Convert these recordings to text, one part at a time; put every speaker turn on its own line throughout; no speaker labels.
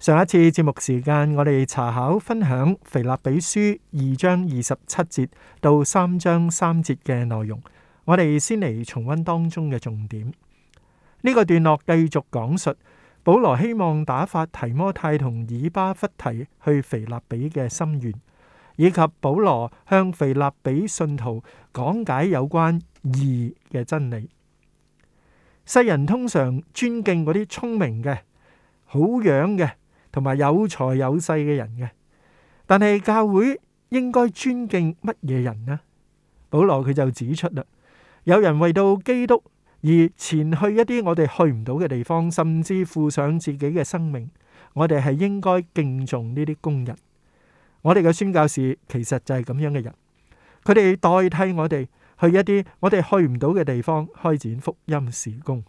上一次節目時間，我哋查考分享腓立比書二章二十七節到三章三節嘅內容。我哋先嚟重溫當中嘅重點。呢、這個段落繼續講述保羅希望打發提摩太同以巴弗提去腓立比嘅心願，以及保羅向腓立比信徒講解有關義嘅真理。世人通常尊敬嗰啲聰明嘅、好樣嘅，同埋有財有勢嘅人嘅，但係教會應該尊敬乜嘢人呢？保羅佢就指出啦，有人為到基督而前去一啲我哋去唔到嘅地方，甚至付上自己嘅生命，我哋係應該敬重呢啲工人。我哋嘅宣教士其實就係咁樣嘅人，佢哋代替我哋去一啲我哋去唔到嘅地方開展福音事工。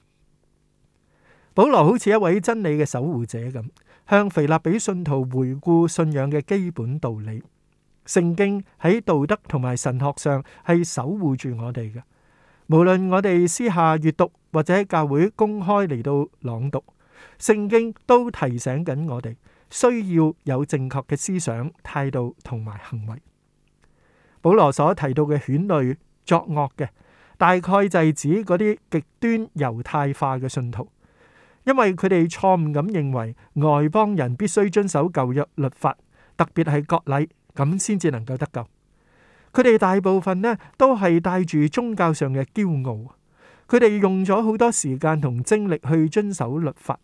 保羅好似一位真理嘅守護者咁。向腓立比信徒回顧信仰嘅基本道理，聖經喺道德同埋神學上係守護住我哋嘅。無論我哋私下閱讀或者喺教會公開嚟到朗讀，聖經都提醒緊我哋需要有正確嘅思想、態度同埋行為。保羅所提到嘅犬類作惡嘅，大概就係指嗰啲極端猶太化嘅信徒。因為佢哋錯誤咁認為外邦人必須遵守舊約律法，特別係國禮，咁先至能夠得救。佢哋大部分呢都係帶住宗教上嘅驕傲，佢哋用咗好多時間同精力去遵守律法，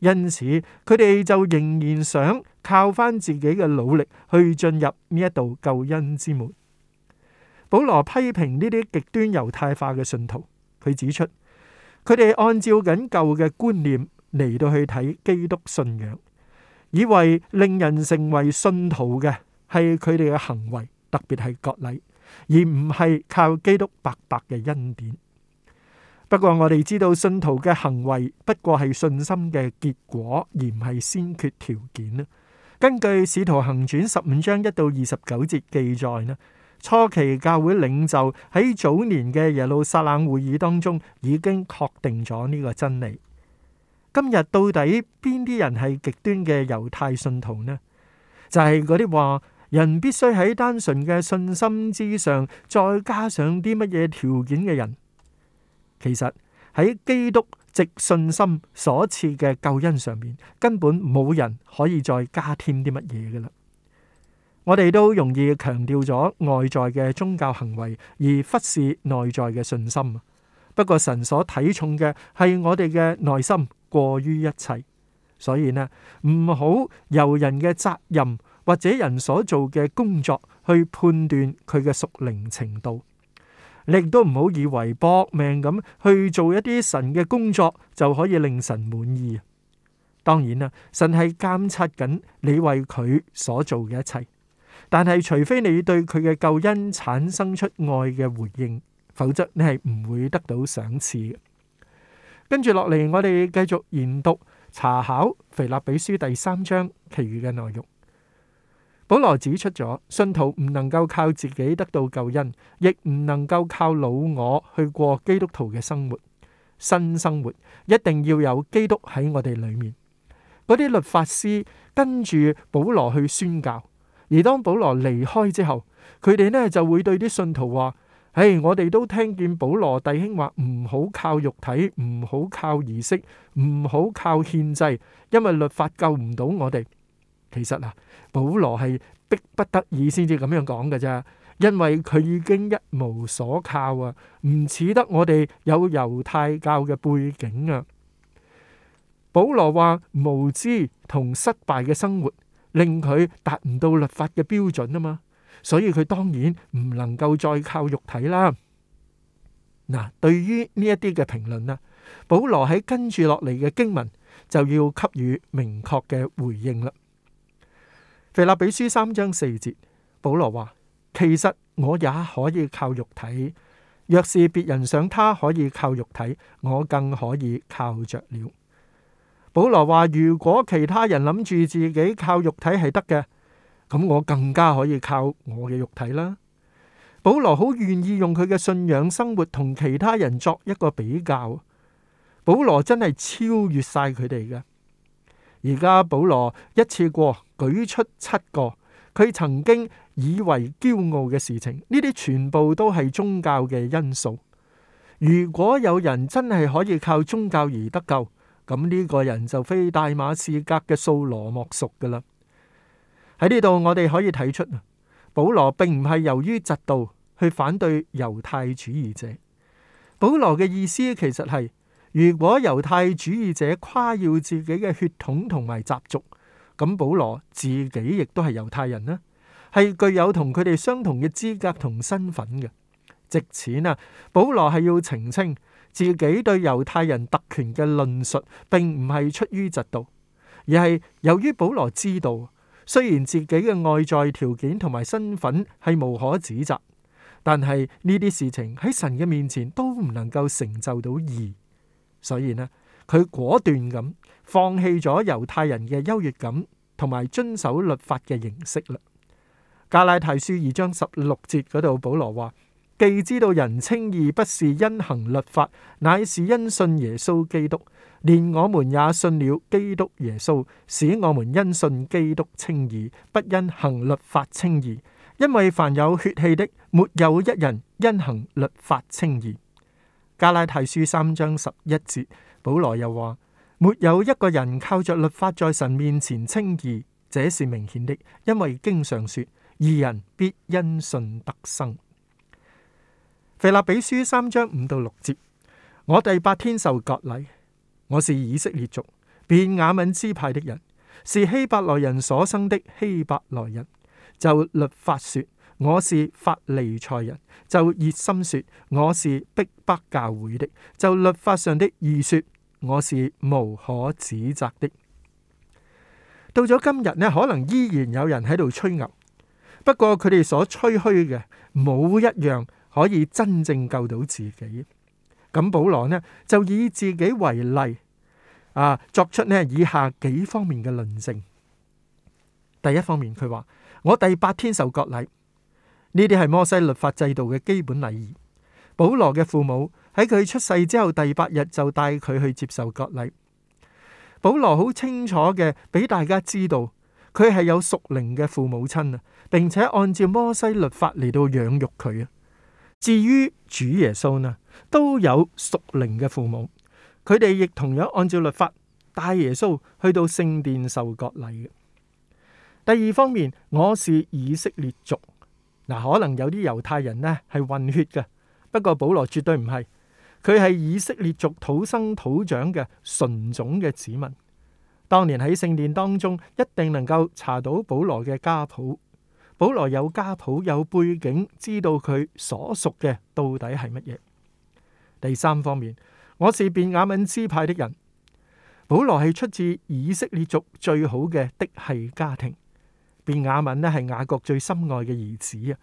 因此佢哋就仍然想靠返自己嘅努力去進入呢一道救恩之門。保羅批評呢啲極端猶太化嘅信徒，佢指出。佢哋按照緊舊嘅觀念嚟到去睇基督信仰，以為令人成為信徒嘅係佢哋嘅行為，特別係割禮，而唔係靠基督白白嘅恩典。不過我哋知道信徒嘅行為不過係信心嘅結果，而唔係先決條件啦。根據《使徒行傳》十五章一到二十九節記載啦。初期教會領袖喺早年嘅耶路撒冷會議當中已經確定咗呢個真理。今日到底邊啲人係極端嘅猶太信徒呢？就係嗰啲話人必須喺單純嘅信心之上再加上啲乜嘢條件嘅人。其實喺基督藉信心所賜嘅救恩上面，根本冇人可以再加添啲乜嘢㗎喇。我哋都容易強調咗外在嘅宗教行為，而忽視內在嘅信心。不過神所睇重嘅係我哋嘅內心過於一切。所以呢，唔好由人嘅責任或者人所做嘅工作去判斷佢嘅屬靈程度。你亦都唔好以為搏命咁去做一啲神嘅工作就可以令神滿意。當然啦，神係監察緊你為佢所做嘅一切。但係，除非你對佢嘅救恩產生出愛嘅回應，否則你係唔會得到賞賜嘅。跟住落嚟，我哋繼續研讀查考《腓立比書》第三章其餘嘅內容。保羅指出咗，信徒唔能夠靠自己得到救恩，亦唔能夠靠老我去過基督徒嘅生活。新生活一定要有基督喺我哋裏面。嗰啲律法師跟住保羅去宣教。而當保羅離開之後，佢哋咧就會對啲信徒話：唉，我哋都聽見保羅弟兄話，唔好靠肉體，唔好靠儀式，唔好靠獻祭，因為律法救唔到我哋。其實啊，保羅係逼不得已先至咁樣講嘅啫，因為佢已經一無所靠啊，唔似得我哋有猶太教嘅背景啊。保羅話無知同失敗嘅生活，令佢達唔到律法嘅標準啊嘛，所以佢當然唔能夠再靠肉體啦。嗱、啊，對於呢一啲嘅評論啊，保羅喺跟住落嚟嘅經文就要給予明確嘅回應啦。腓立比書三章四節，保羅話：其實我也可以靠肉體，若是別人想他可以靠肉體，我更可以靠着了。保羅話：如果其他人諗住自己靠肉體係得嘅，咁我更加可以靠我嘅肉體啦。保羅好願意用佢嘅信仰生活同其他人作一個比較。保羅真係超越晒佢哋嘅。而家保羅一次過舉出七個佢曾經以為驕傲嘅事情，呢啲全部都係宗教嘅因素。如果有人真係可以靠宗教而得救，咁呢個人就非大馬士革嘅掃羅莫屬噶啦。喺呢度我哋可以睇出啊，保羅並唔係由於嫉妒去反對猶太主義者。保羅嘅意思其實係，如果猶太主義者誇耀自己嘅血統同埋習俗，咁保羅自己亦都係猶太人啦，係具有同佢哋相同嘅資格同身份嘅。值錢啊！保羅係要澄清。自己對猶太人特權嘅論述，並唔係出於嫉妒，而係由於保羅知道，雖然自己嘅外在條件同埋身份係無可指責，但係呢啲事情喺神嘅面前都唔能夠成就到義，所以呢，佢果斷咁放棄咗猶太人嘅優越感同埋遵守律法嘅形式啦。加拉太書二章十六節嗰度，保羅話。既知道人稱義不是因行律法，乃是因信耶穌基督。連我們也信了基督耶穌，使我們因信基督稱義，不因行律法稱義。因為凡有血氣的，沒有一人因行律法稱義。加拉太書三章十一節，保羅又話：沒有一個人靠着律法在神面前稱義，這是明顯的，因為經上說：二人必因信得生。腓立比書三章五到六節，我第八天受割禮，我是以色列族，便雅敏支派的人，是希伯來人所生的希伯來人。就律法說，我是法利賽人；就熱心說，我是逼迫教會的；就律法上的義說，我是無可指責的。到咗今日呢，可能依然有人喺度吹牛，不過佢哋所吹噓嘅冇一樣，可以真正救到自己。咁，保羅呢就以自己為例啊，作出呢以下幾方面嘅論證。第一方面，佢話：我第八天受割禮，呢啲係摩西律法制度嘅基本禮儀。保羅嘅父母喺佢出世之後第八日就帶佢去接受割禮。保羅好清楚嘅俾大家知道，佢係有屬靈嘅父母親啊，並且按照摩西律法嚟到養育佢啊。至於主耶穌呢，都有屬靈嘅父母，佢哋亦同樣按照律法帶耶穌去到聖殿受割禮。第二方面，我是以色列族，嗱，可能有啲猶太人呢係混血嘅，不過保羅絕對唔係，佢係以色列族土生土長嘅純種嘅子民。當年喺聖殿當中，一定能夠查到保羅嘅家譜。保羅有家譜，有背景，知道佢所屬嘅到底係乜嘢。第三方面，我是便雅憫支派的人。保羅係出自以色列族最好嘅嫡系家庭。便雅憫咧係雅各最心愛嘅兒子啊。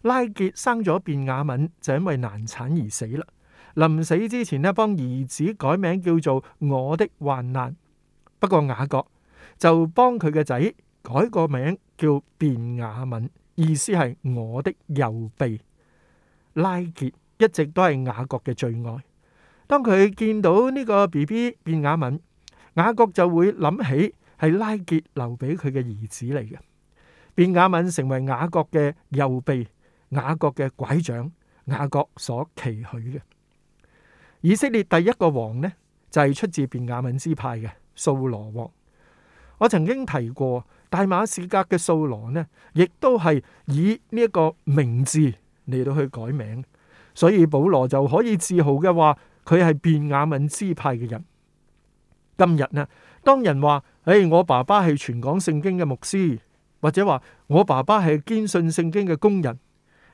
拉杰生咗便雅憫，就因為難產而死啦。臨死之前咧幫兒子改名叫做我的患難。不過雅各就幫佢嘅仔改個名。叫便雅敏，意思係我的右臂。拉結一直都係雅各嘅最愛。當佢見到呢個 B B 便雅敏，雅各就會諗起係拉結留俾佢嘅兒子嚟嘅。便雅敏成為雅各嘅右臂，雅各嘅拐杖，雅各所期許嘅。以色列第一個王呢，就係、是、出自便雅敏支派嘅掃羅王。我曾經提過。大馬士革嘅掃羅呢，亦都係以呢一個名字嚟到去改名，所以保羅就可以自豪嘅話，佢係便雅憫支派嘅人。今日呢，當人話：誒、哎，我爸爸係全港聖經嘅牧師，或者話我爸爸係堅信聖經嘅工人。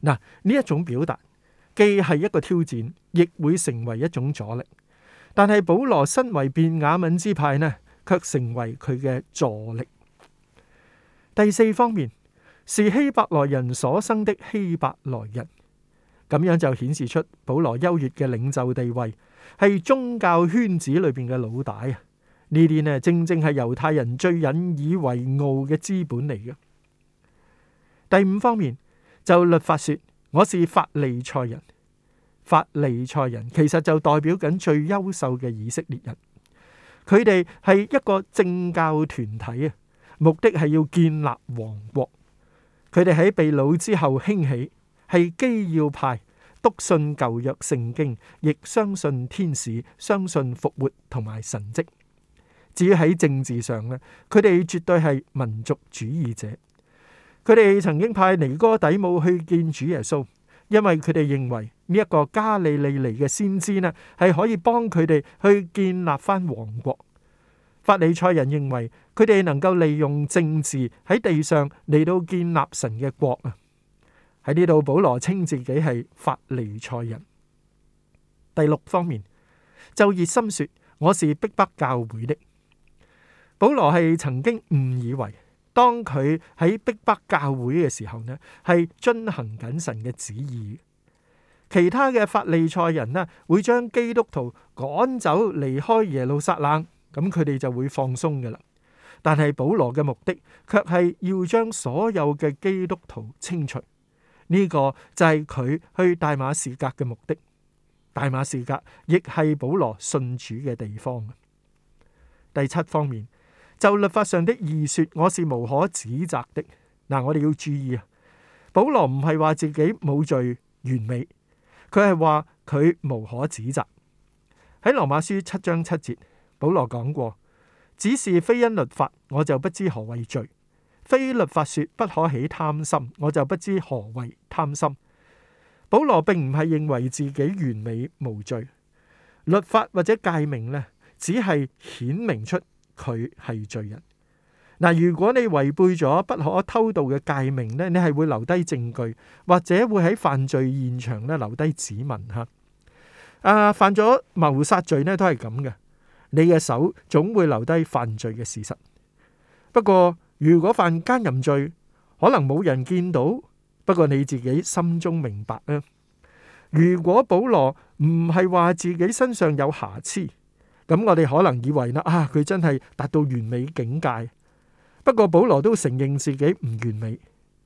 嗱，呢一種表達既係一個挑戰，亦會成為一種阻力。但係保羅身為便雅憫支派呢，卻成為佢嘅助力。第四方面是希伯來人所生的希伯來人，咁樣就顯示出保羅優越嘅領袖地位，係宗教圈子裏邊嘅老大啊！呢啲呢，正正係猶太人最引以為傲嘅資本嚟嘅。第五方面就律法說，我是法利賽人，法利賽人其實就代表緊最優秀嘅以色列人，佢哋係一個政教團體啊。目的係要建立王國。佢哋喺被擄之後興起，係基要派，篤信舊約聖經，亦相信天使，相信復活同埋神蹟。至於喺政治上咧，佢哋絕對係民族主義者。佢哋曾經派尼哥底母去見主耶穌，因為佢哋認為呢一個加利利嚟嘅先知咧，係可以幫佢哋去建立翻王國。法利賽人認為，佢哋能夠利用政治喺地上嚟到建立神嘅國啊！喺呢度保羅稱自己係法利賽人。第六方面就熱心說，我是逼迫教會的。保羅係曾經誤以為當佢喺逼迫教會嘅時候呢，係遵行緊神嘅旨意。其他嘅法利賽人呢，會將基督徒趕走離開耶路撒冷，咁佢哋就會放鬆噶啦。但係保羅嘅目的，卻係要將所有嘅基督徒清除。呢個就係佢去大馬士革嘅目的。大馬士革亦係保羅信主嘅地方。第七方面，就律法上的義說，我是無可指責的。嗱，我哋要注意啊，保羅唔係話自己冇罪完美，佢係話佢無可指責。喺羅馬書七章七節，保羅講過。只是非因律法，我就不知何為罪；非律法說不可起貪心，我就不知何為貪心。保羅並唔係認為自己完美無罪，律法或者誡命呢，只係顯明出佢係罪人。嗱，如果你違背咗不可偷盜嘅誡命呢，你係會留低證據，或者會喺犯罪現場呢留低指紋吓。啊，犯咗謀殺罪呢，都係咁嘅。你嘅手總會留低犯罪嘅事實。不過如果犯奸淫罪，可能冇人見到。不過你自己心中明白啦。如果保羅唔係話自己身上有瑕疵，咁我哋可能以為呢，啊佢真係達到完美境界。不過保羅都承認自己唔完美。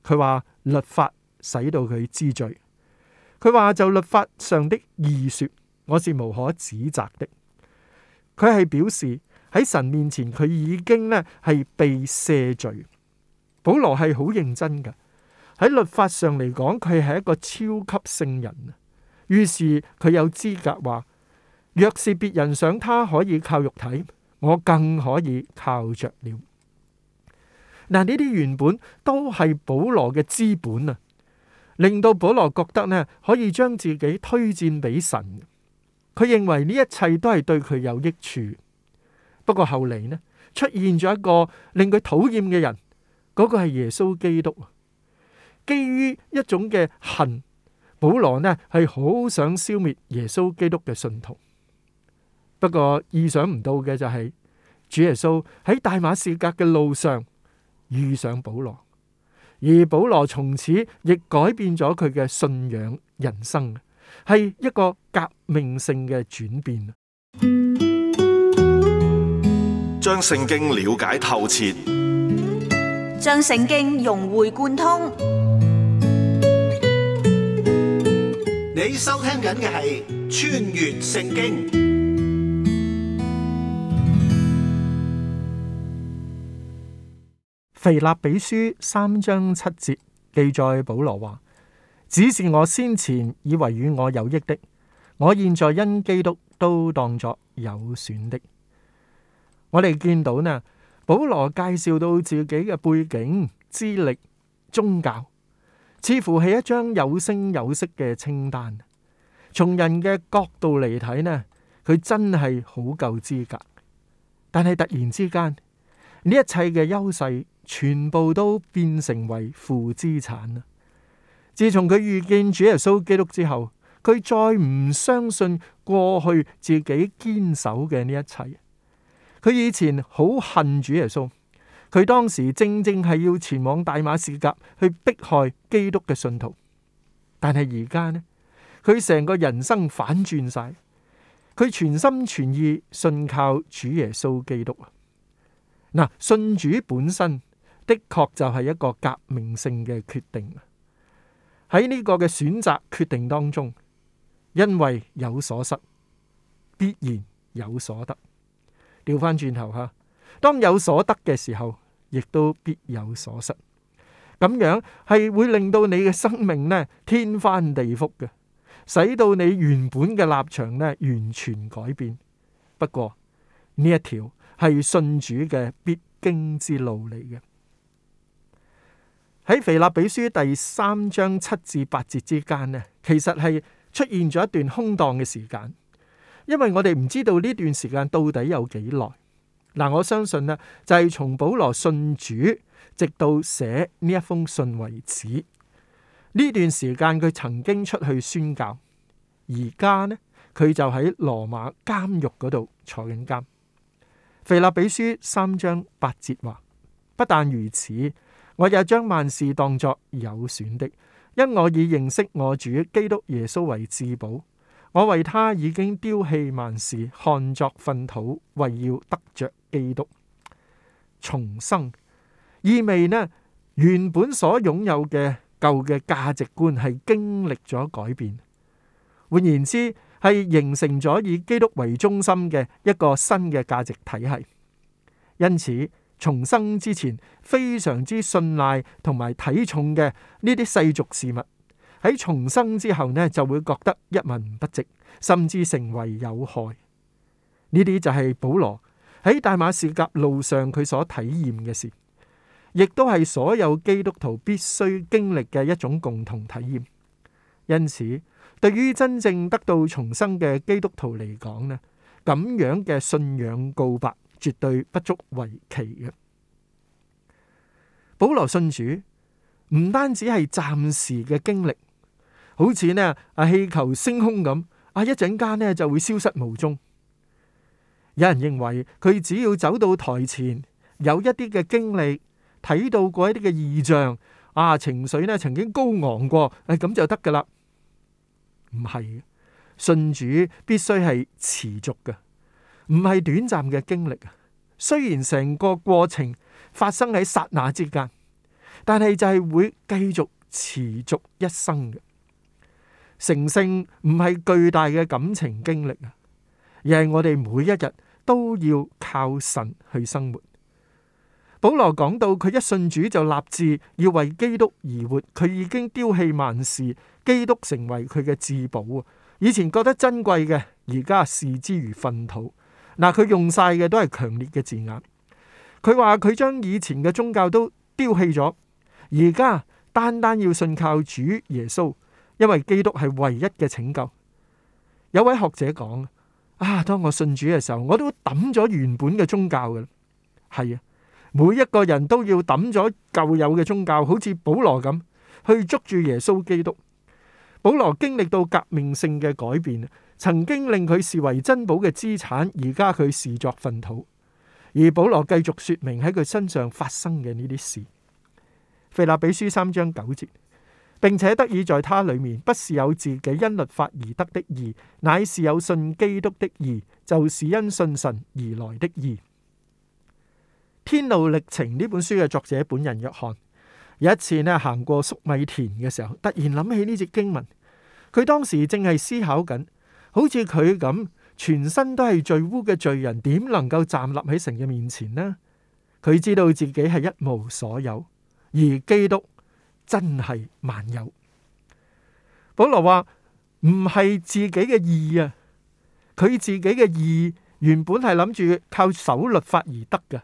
佢話律法使到佢知罪。佢話就律法上的義說，我是無可指責的。佢係表示喺神面前，佢已經咧係被赦罪。保羅係好認真㗎，喺律法上嚟講，佢係一個超級聖人。於是佢有資格話，若是別人想他可以靠肉體，我更可以靠着了。嗱，呢啲原本都係保羅嘅資本啊，令到保羅覺得咧可以將自己推薦俾神。佢認為呢一切都係對佢有益處，不過後嚟，呢出現咗一個令佢討厭嘅人，嗰個係耶穌基督。基於一種嘅恨，保羅呢係好想消滅耶穌基督嘅信徒。不過意想唔到嘅就係，主耶穌喺大馬士革嘅路上遇上保羅，而保羅從此亦改變咗佢嘅信仰人生。係一個革命性嘅轉變，將聖經了解透徹，將聖經融會貫通。你收聽緊嘅係《穿越聖經》。腓立比書三章七節記載保羅話。只是我先前以為與我有益的，我現在因基督都當作有損的。我哋見到呢，保羅介紹到自己嘅背景、資歷、宗教，似乎係一張有聲有色嘅清單。從人嘅角度嚟睇呢，佢真係好夠資格。但係突然之間，呢一切嘅優勢全部都變成為負資產啦。自從佢遇見主耶穌基督之後，佢再唔相信過去自己堅守嘅呢一切。佢以前好恨主耶穌，佢當時正正係要前往大馬士革去迫害基督嘅信徒，但係而家呢，佢成個人生反轉晒，佢全心全意信靠主耶穌基督。嗱，信主本身的確就係一個革命性嘅決定。喺呢個嘅選擇決定當中，因為有所失，必然有所得。調翻轉頭吓，當有所得嘅時候，亦都必有所失。咁樣係會令到你嘅生命呢，天翻地覆嘅，使到你原本嘅立場呢，完全改變。不過呢一條係信主嘅必經之路嚟嘅。喺腓立比書第三章七至八節之間咧，其實係出現咗一段空檔嘅時間，因為我哋唔知道呢段時間到底有幾耐。嗱，我相信咧就係從保羅信主，直到寫呢一封信為止。呢段時間佢曾經出去宣教，而家呢，佢就喺羅馬監獄嗰度坐緊監。腓立比書三章八節話，不但如此。我也將萬事當作有損的，因我已認識我主基督耶穌為至寶。我為他已經丟棄萬事，看作糞土，為要得着基督重生。意味呢，原本所擁有嘅舊嘅價值觀係經歷咗改變。換言之，係形成咗以基督為中心嘅一個新嘅價值體系。因此，重生之前非常之信賴同埋睇重嘅呢啲世俗事物，喺重生之後呢就會覺得一文不值，甚至成為有害。呢啲就係保羅喺大馬士革路上佢所體驗嘅事，亦都係所有基督徒必須經歷嘅一種共同體驗。因此，對於真正得到重生嘅基督徒嚟講呢，咁樣嘅信仰告白。絕對不足為奇嘅。保羅信主，唔單止係暫時嘅經歷，好似呢啊氣球升空咁，啊一陣間呢就會消失無蹤。有人認為佢只要走到台前，有一啲嘅經歷，睇到過一啲嘅異象，啊情緒呢曾經高昂過，誒咁就得噶啦。唔係，信主必須係持續嘅。唔係短暫嘅經歷啊。雖然成個過程發生喺剎那之間，但係就係會繼續持續一生嘅成聖。唔係巨大嘅感情經歷啊，而係我哋每一日都要靠神去生活。保羅講到，佢一信主就立志要為基督而活，佢已經丟棄萬事，基督成為佢嘅至寶啊。以前覺得珍貴嘅，而家視之如糞土。嗱，佢用晒嘅都係強烈嘅字眼。佢話佢將以前嘅宗教都丟棄咗，而家單單要信靠主耶穌，因為基督係唯一嘅拯救。有位學者講：啊，當我信主嘅時候，我都抌咗原本嘅宗教嘅。係啊，每一個人都要抌咗舊有嘅宗教，好似保羅咁去捉住耶穌基督。保羅經歷到革命性嘅改變。曾經令佢視為珍寶嘅資產，而家佢視作糞土。而保羅繼續說明喺佢身上發生嘅呢啲事，《腓立比書》三章九節，並且得以在他裡面不是有自己因律法而得的義，乃是有信基督的義，就是因信神而來的義。《天路歷程》呢本書嘅作者本仁約翰有一次呢，行過粟米田嘅時候，突然諗起呢節經文。佢當時正係思考緊。好似佢咁，全身都係罪污嘅罪人，點能夠站立喺神嘅面前呢？佢知道自己係一無所有，而基督真係萬有。保羅話唔係自己嘅義啊，佢自己嘅義原本係諗住靠守律法而得嘅。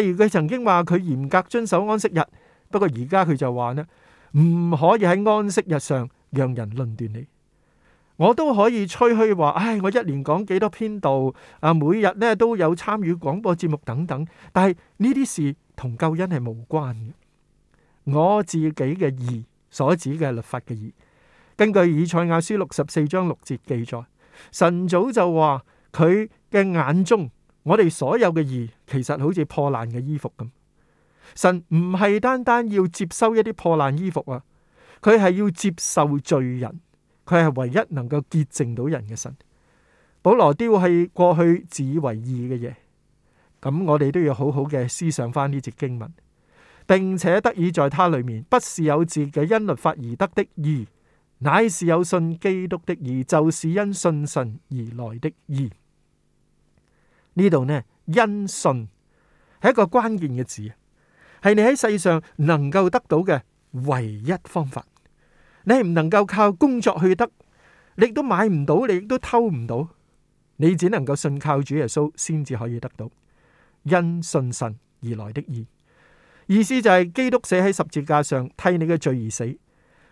例如佢曾經話佢嚴格遵守安息日，不過而家佢就話呢，唔可以喺安息日上讓人論斷你。我都可以吹噓話，唉，我一年講幾多篇道，啊，每日咧都有參與廣播節目等等。但係呢啲事同救恩係無關嘅，我自己嘅義所指嘅律法嘅義。根據以賽亞書六十四章六節記載，神早就話佢嘅眼中，我哋所有嘅義其實好似破爛嘅衣服咁。神唔係單單要接收一啲破爛衣服啊，佢係要接受罪人。佢係唯一能夠潔淨到人嘅神。保羅丟棄過去自以為義嘅嘢，咁我哋都要好好嘅思想翻呢節經文，並且得以在他裏面，不是有自己因律法而得的義，乃是有信基督的義，就是因信神而來的義。呢度呢，因信係一個關鍵嘅字，係你喺世上能夠得到嘅唯一方法。你係唔能夠靠工作去得，你亦都買唔到，你亦都偷唔到，你只能夠信靠主耶穌，先至可以得到因信神而來的義。意思就係、是、基督死喺十字架上替你嘅罪而死，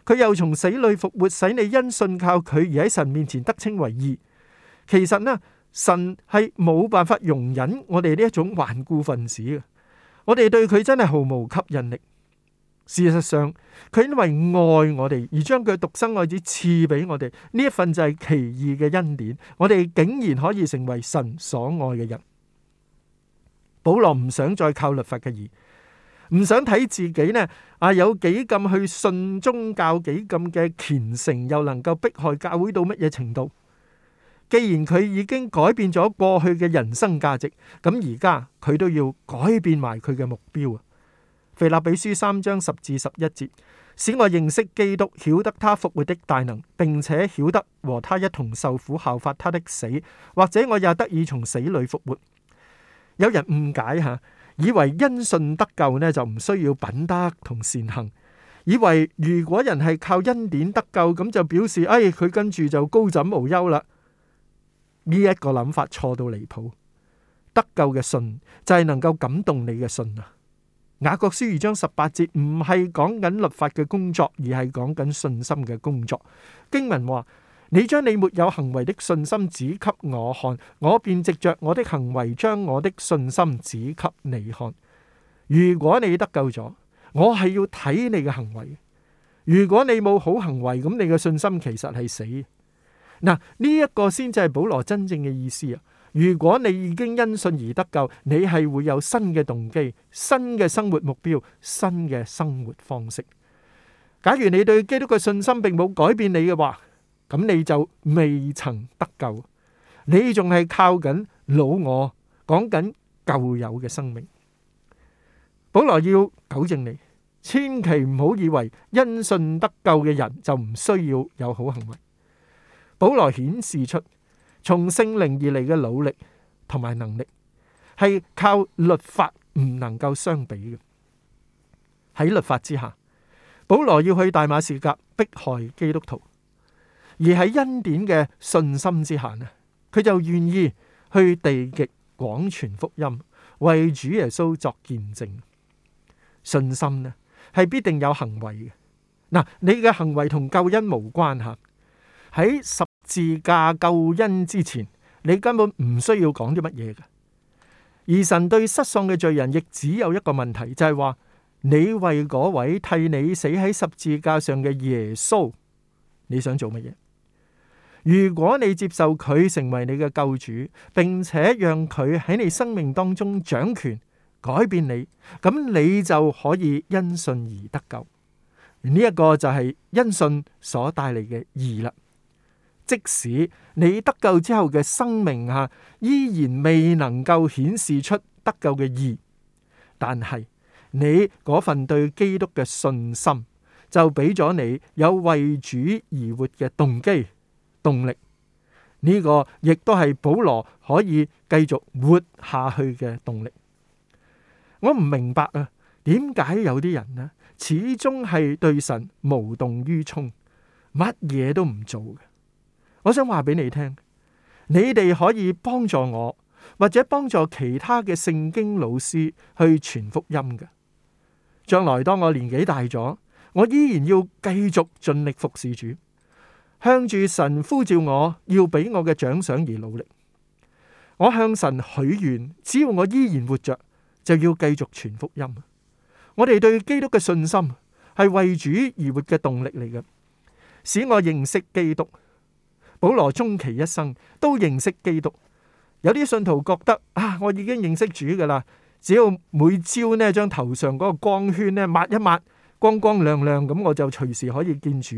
佢又從死裏復活，使你因信靠佢而喺神面前得稱為義。其實呢，神係冇辦法容忍我哋呢一種頑固分子嘅，我哋對佢真係毫無吸引力。事實上，佢因為愛我哋而將佢獨生愛子賜俾我哋，呢一份就係奇異嘅恩典。我哋竟然可以成為神所愛嘅人。保羅唔想再靠律法嘅義，唔想睇自己呢啊有幾咁去信宗教，幾咁嘅虔誠，又能夠迫害教會到乜嘢程度。既然佢已經改變咗過去嘅人生價值，咁而家佢都要改變埋佢嘅目標啊！腓立比書三章十至十一節，使我認識基督，曉得他復活的大能，並且曉得和他一同受苦，效法他的死，或者我也得以從死裏復活。有人誤解吓，以為因信得救呢就唔需要品德同善行，以為如果人係靠恩典得救，咁就表示哎佢跟住就高枕無憂啦。呢一個諗法錯到離譜，得救嘅信就係能夠感動你嘅信啊！雅各書二章十八節唔係講緊律法嘅工作，而係講緊信心嘅工作。經文話：你將你沒有行為的信心指給我看，我便藉着我的行為將我的信心指給你看。如果你得救咗，我係要睇你嘅行為；如果你冇好行為，咁你嘅信心其實係死。嗱，呢一個先至係保羅真正嘅意思啊！如果你已經因信而得救，你係會有新嘅動機、新嘅生活目標、新嘅生活方式。假如你對基督嘅信心並冇改變你嘅話，咁你就未曾得救，你仲係靠緊老我，講緊舊有嘅生命。保羅要糾正你，千祈唔好以為因信得救嘅人就唔需要有好行為。保羅顯示出。從聖靈而嚟嘅努力同埋能力，係靠律法唔能夠相比嘅。喺律法之下，保羅要去大馬士革迫害基督徒，而喺恩典嘅信心之下啊，佢就願意去地極廣傳福音，為主耶穌作見證。信心呢，係必定有行為嘅。嗱，你嘅行為同救恩無關係。喺十。自駕救恩之前，你根本唔需要講啲乜嘢嘅。而神對失喪嘅罪人，亦只有一個問題，就係話你為嗰位替你死喺十字架上嘅耶穌，你想做乜嘢？如果你接受佢成為你嘅救主，並且讓佢喺你生命當中掌權，改變你，咁你就可以因信而得救。呢一個就係因信所帶嚟嘅義啦。即使你得救之後嘅生命啊，依然未能夠顯示出得救嘅義，但係你嗰份對基督嘅信心就俾咗你有為主而活嘅動機動力。呢個亦都係保羅可以繼續活下去嘅動力。我唔明白啊，點解有啲人呢始終係對神無動於衷，乜嘢都唔做嘅？我想話俾你聽，你哋可以幫助我，或者幫助其他嘅聖經老師去傳福音嘅。將來當我年紀大咗，我依然要繼續盡力服侍主，向住神呼召我，要我要俾我嘅獎賞而努力。我向神許願，只要我依然活着，就要繼續傳福音。我哋對基督嘅信心係為主而活嘅動力嚟嘅，使我認識基督。保羅終其一生都認識基督，有啲信徒覺得啊，我已經認識主噶啦，只要每朝呢，將頭上嗰個光圈呢抹一抹，光光亮亮咁，我就隨時可以見主。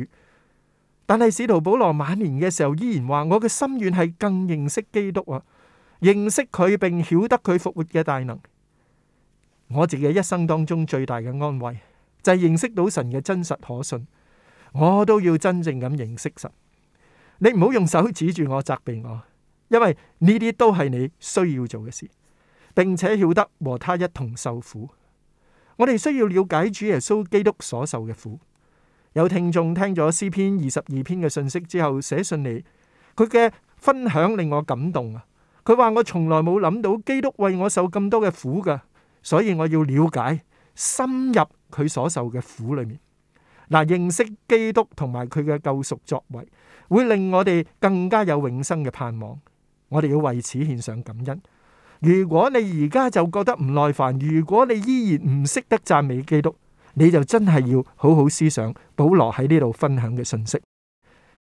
但係使徒保羅晚年嘅時候，依然話，我嘅心願係更認識基督啊，認識佢並曉得佢復活嘅大能。我自己一生當中最大嘅安慰就係認識到神嘅真實可信，我都要真正咁認識神。你唔好用手指住我責備我，因為呢啲都係你需要做嘅事，並且曉得和他一同受苦。我哋需要了解主耶穌基督所受嘅苦。有聽眾聽咗詩篇二十二篇嘅信息之後，寫信嚟，佢嘅分享令我感動啊！佢話，我從來冇諗到基督為我受咁多嘅苦㗎，所以我要了解深入佢所受嘅苦裏面。嗱，認識基督同埋佢嘅救贖作為，會令我哋更加有永生嘅盼望。我哋要為此獻上感恩。如果你而家就覺得唔耐煩，如果你依然唔識得讚美基督，你就真係要好好思想保羅喺呢度分享嘅信息。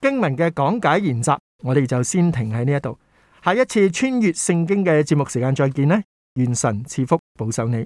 經文嘅講解研習，我哋就先停喺呢一度。下一次穿越聖經嘅節目時間再見啦！願神賜福保守你。